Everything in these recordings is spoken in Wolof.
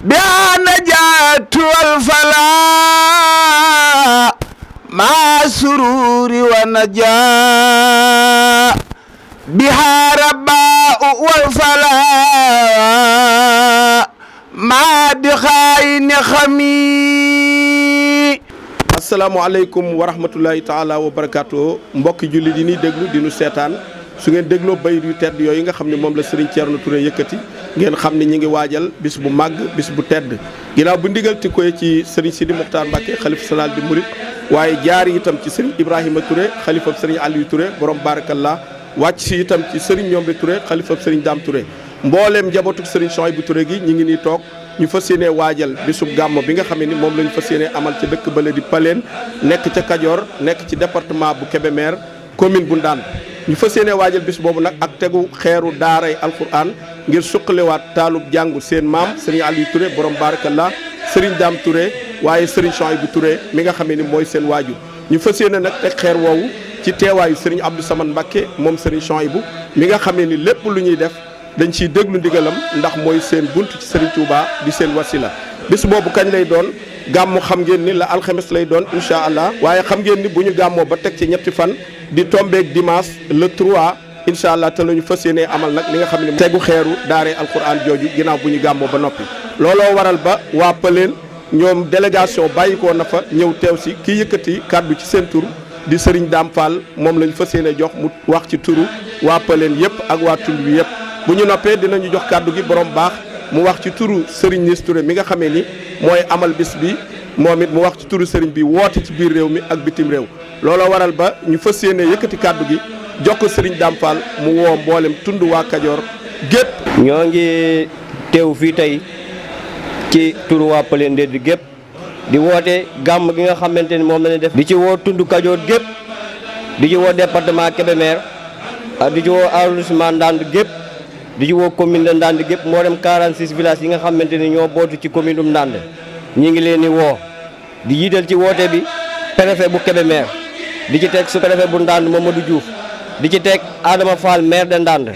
بها نجاة والفلاح مع سرور ونجاة بها رباء والفلاح مع دخاين خمي asalaamaaleykum wa rahmatulahi taala wa barakaatu mbokki julli di ñuy déglu di seetaan su ngeen dégloo bayit yu tedd yooyu nga xam ne moom la Serigne Thierno Touré yëkkati ngeen xam ne ñi ngi waajal bis bu màgg bis bu tedd ginnaaw bu ndigal ti koy ci Serigne Sidi Mokhtar Mbacké xalif général di Mouride waaye jaar itam ci Serigne Ibrahima Touré xalifab Serigne Aliou Touré borom barakallah wàcc si itam ci Serigne Ñombe Touré xalifab Serigne Dame Touré mbooleem njabootu Serigne Choy bu Touré gi ñu ngi nii toog ñu fas yéene waajal bisub gàmmo bi nga xam ni moom la ñu fas yéene amal ca dëkk bële di Paleen nekk ca Kajoor nekk ci département bu Kébémer commune bu Ndande ñu fas yéene waajal bis boobu nag ak tegu xeeru daaray alquran ngir suqaliwaat taalub jàngu seen maam sëriñ Aliou ture borom barakallah sëriñ Dame Touré waaye sëriñ Chouaïbou ture mi nga xamee ni mooy seen waaju ñu fas yéene nag teg xeer woowu ci teewaayu sëriñ Abdou Samane Mbacké moom sëriñ bu mi nga xamee ni lépp lu ñuy def dañ ciy déglu ndigalam ndax mooy seen bunt ci sëriñ Touba di seen wasi la bis boobu kañ lay doon gàmmu xam ngeen ni la alxemes lay doon incha allah waaye xam ngeen ni bu ñu gàmmoo ba teg ci ñetti fan di tombeeg dimanche le trois incha allah te la ñu fas yéenee amal nag li nga xam ne tegu xeeru daaree alquran jooju ginnaaw bu ñu gàmmoo ba noppi looloo waral ba waa Pëleen ñoom délégation bàyyi ko na fa ñëw teew si kii yëkkati kàddu ci seen tur di Serigne Dame Fall moom la ñu fas yéene jox mu wax ci turu waa Pëleen yëpp ak waa tund bi yëpp bu ñu noppee dinañu jox kàddu gi borom baax mu wax ci turu Serigne Niass Touré mi nga xamee ni mooy amal bés bi moom it mu wax ci turu sëriñ bi woote ci biir réew mi ak bitim réew looloo waral ba ñu fas yéene yëkkati kàddu gi jox ko sëriñ Dame mu woo mboolem tund waa Kajoor gépp ñoo ngi teew fii tey ci turu waa Palindé di gépp di woote gàmm gi nga xamante ni moom la def. di ci woo tund Kajoor gépp di ci woo département Kébémer di ci woo arrondissement Ndande gépp di ci woo commune de Ndande gépp moo dem 46 villages yi nga xamante ni ñoo bootu ci commune Ndande ñi ngi leen di woo di jiital ci woote bi préfet bu Kébémer di ci teg su préfet bu Ndande Mamadou Diouf di ci teg aadama Fall maire de Ndande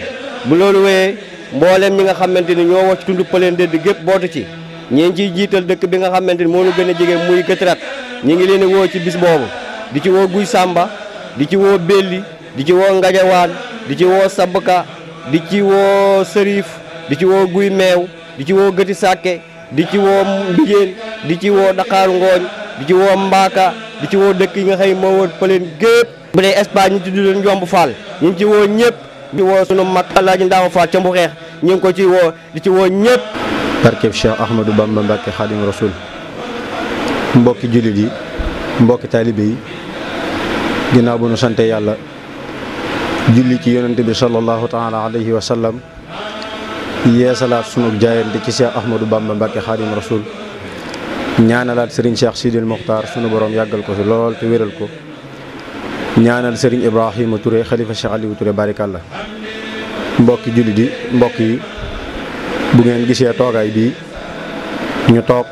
bu loolu wéyee mbooleem ñi nga xamante ni ñoo wax ci tundu Pëleen Ndënd gépp bootu ci ñi ngi ciy jiital dëkk bi nga xamante ni moo ñu gën a jege muy Gëtërat ñi ngi leen woo ci bis boobu di ci woo Guy Samba di ci woo Belli di ci woo Ngajawaan di ci woo Sabka di ci woo sëriif di ci woo guy meew di ci woo gëti sàkke di ci woo mbijéen di ci woo daqaaru ngooñ di ci woo mbaaka di ci woo dëkk yi nga xëy moo wër pëleen gépp bu dee Espagne ñu ci tuddu leen yomb faal ñu ngi ci woo ñëpp di woo sunu mag Alaaji Ndaama Faal ca Mbuxeex ñu ngi ko ci woo di ci woo ñëpp barkeb Cheikh Ahmadou Bamba Mbàkke Xaadim Rasul mbokki jullit yi mbokki taalibe yi ginnaaw bu nu sante yàlla julli ci yonent bi sallallahu taala alayhi wa sallam yeesalaat sunu jaayante ci Cheikh Ahmadou Bamba Mbacke Xaadim Rasul ñaanalaat sëriñ Cheikh Sidil Mokhtar sunu boroom yàggal ko si lool te wéral ko ñaanal Serigne Ibrahima Touré xalifa Cheikh Aliou Touré barikàlla mbokki jullit yi mbokk yi bu ngeen gisee toogaay bii ñu toog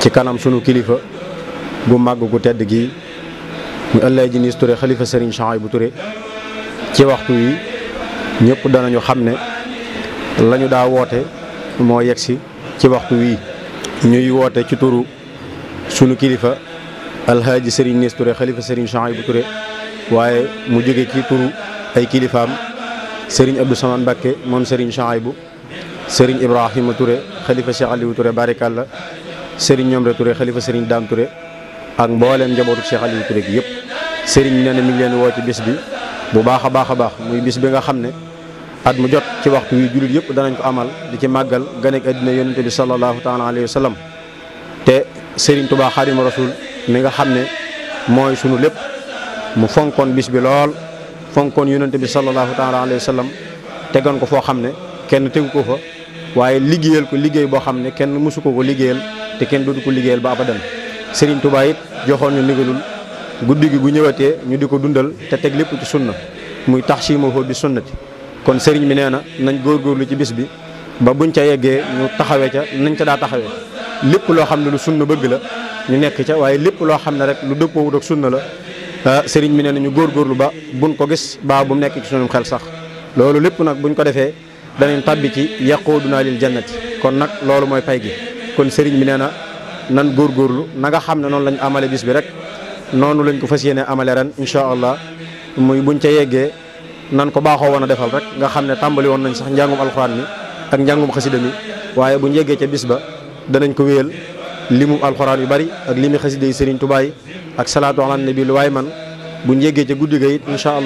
ci kanam sunu kilifa gu màgg gu tedd gi mu El Hadji Niis Touré xalifa Serigne bu Touré ci waxtu yi ñëpp danañu xam ne la ñu daa woote moo yegsi ci waxtu wii ñuy woote ci turu suñu kilifa alhaaji sëriñ Niass Touré xalifa sëriñ Chouhaïbou Touré waaye mu jóge ci turu ay kilifaam sëriñ Abdou Samane Mbacké moom sëriñ Chouhaïbou sëriñ Ibrahima Touré xalifa Cheikh Aliou Touré barikàlla sëriñ Ñomre ture xalifa sëriñ Dame Touré ak mbooleem njabootu Cheikh Aliou Touré gi yëpp sëriñ nee na mi ngi leen woo ci bis bi bu baax a baax a baax muy bis bi nga xam ne at mu jot ci waxtu wi jullit yëpp danañ ko amal di ci màggal ganek àddina yonente bi sallallahu taala alayhi wa sallam te Serigne Touba Xaadimu Rasuul mi nga xam ne mooy sunu lépp mu fonkoon bis bi lool fonkoon yonente bi sallallahu taala alayhi wa sallam tegoon ko foo xam ne kenn tegu ko fa waaye liggéeyal ko liggéey boo xam ne kenn mësu ko ko liggéeyal te kenn dootu ko liggéeyal ba abadan Serigne Touba it joxoon guddi gi bu ñëwatee ñu di ko dundal te teg lépp ci sunna muy tax siimahoo bi sunnati kon sëriñ bi nee na nañ góorgóorlu ci bis bi ba buñ ca yeggee ñu taxawee ca nañ ca daa taxawee lépp loo xam ne lu sunna bëgg la ñu nekk ca waaye lépp loo xam ne rek lu dëppoowut ak sunna la ah, sëriñ bi nee na ñu góorgóorlu ba buñ ko gis ba bu nekk ci sunum xel sax loolu lépp nag buñ ko defee danañ tabbi ci yaquuduna lil jannati kon nag loolu mooy pay gi kon sëriñ bi nee na nan góorgóorlu na nga xam ne noonu lañ amale bis bi rek noonu lañ ko fas yéene amale ren incha allah muy buñ ca yeggee nan ko baaxoo woon a defal rek nga xam ne tàmbali woon nañ sax njàngum alxuraan mi ak njàngum xasida mi waaye bu yeggee ca bis ba danañ ko wéyal limu alxuraan yu bari ak limi xasida yi Serigne Touba yi ak salaatu ala nabi lu waay man buñ yeggee ca guddi ga it incha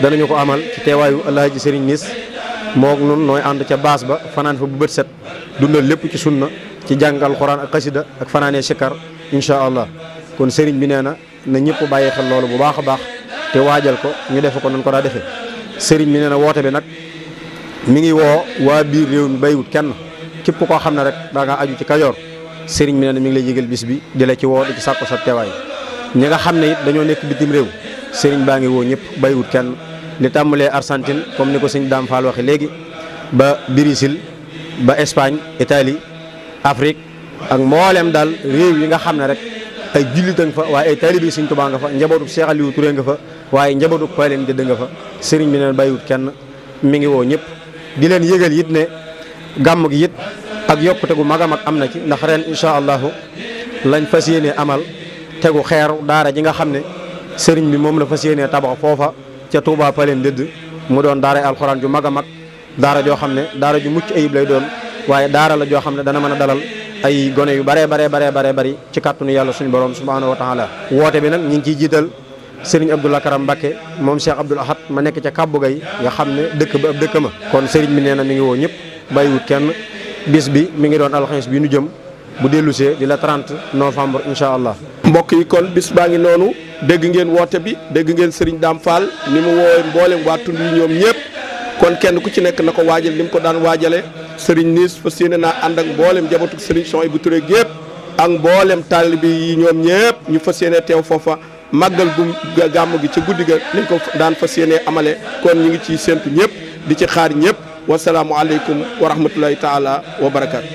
danañu ko amal ci teewaayu alaaji Serigne Nis moog nun nooy ànd ca baas ba fanaan fa bu bët set dundal lépp ci sunna ci jàng alxuraan ak xasida ak fanaanee sikkar incha allah kon sëriñ bi nee na na ñëpp bàyyi xel loolu bu baax a baax te waajal ko ñu defe ko nan ko daa defee sëriñ bi nee na woote bi nag mu ngi woo waa biir réew mi bayiwut kenn képp koo xam ne rek daa nga aju ci kajoor sëriñ bi nee na mi ngi lay yëgal bis bi di lay ci woo di ci sàkku sa teewaay ñi nga xam ne it dañoo nekk bitim réew sëriñ baa ngi woo ñëpp bayiwut kenn li tàmbalee Argentine comme ni ko sëñ Daam Fall waxee léegi ba Brésil ba Espagne Italie Afrique ak mboolem daal réew yi nga xam ne rek ay jullit a nga fa waaye ay taalibe Sëñ Tuubaa nga fa njabootu Cheikh Aliou Touré nga fa waaye njabootu Payleen Gëdd nga fa sëriñ bi neen bàyyiwut kenn mi ngi woo ñëpp di leen yëgal it ne gàmm gi it ak yokkute gu mag a mag am na ci ndax ren incha allahu lañ fas yéenee amal tegu xeeru daara ji nga xam ne sëriñ bi moom la fas yéenee tabax foofa ca Touba leen dëdd mu doon daara alxuraan ju mag a mag daara joo xam ne daara ju mucc ayib lay doon waaye daara la joo xam ne dana mën a dalal ay gone yu baree baree baree baree bëri ci kàttanu yàlla suñu borom subhaanahu wa taala woote bi nag ñu ngi ciy jiital sëriñ Abdoul Karam Mbacké moom Cheikh Abdoul Ahad ma nekk ca Kàbbu Gay nga xam ne dëkk ba ab dëkk ma kon sëriñ bi nee na mi ngi woo ñëpp bàyyiwut kenn bis bi mi ngi doon alxames bi nu jëm bu dellusee di la trent novembre incha allah mbokk yi kon bis baa ngi noonu dégg ngeen woote bi dégg ngeen sëriñ Daam Fall ni mu woowee mboolem waa tund ñoom ñëpp kon kenn ku ci nekk na ko waajal ni mu ko daan waajale Serigne Niiss fas yéene naa ànd ak mboolem jabatuk Serigne Souhaïbou Touré gépp ak mboolem taalibe yi ñoom ñëpp ñu fas yéene teew foofa maggal gu gàmm gi ci guddi ga niñ ko daan fas yéene amale kon ñu ngi ciy séntu ñëpp di ci xaar ñëpp wasalaamu aleykum wa rahmatullahi taala wa barakaatu.